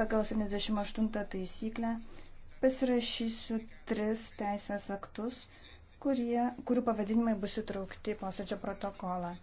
pagal 78 taisyklę pasirašysiu tris teisės aktus, kurie, kurių pavadinimai bus įtraukti į posėdžio protokolą.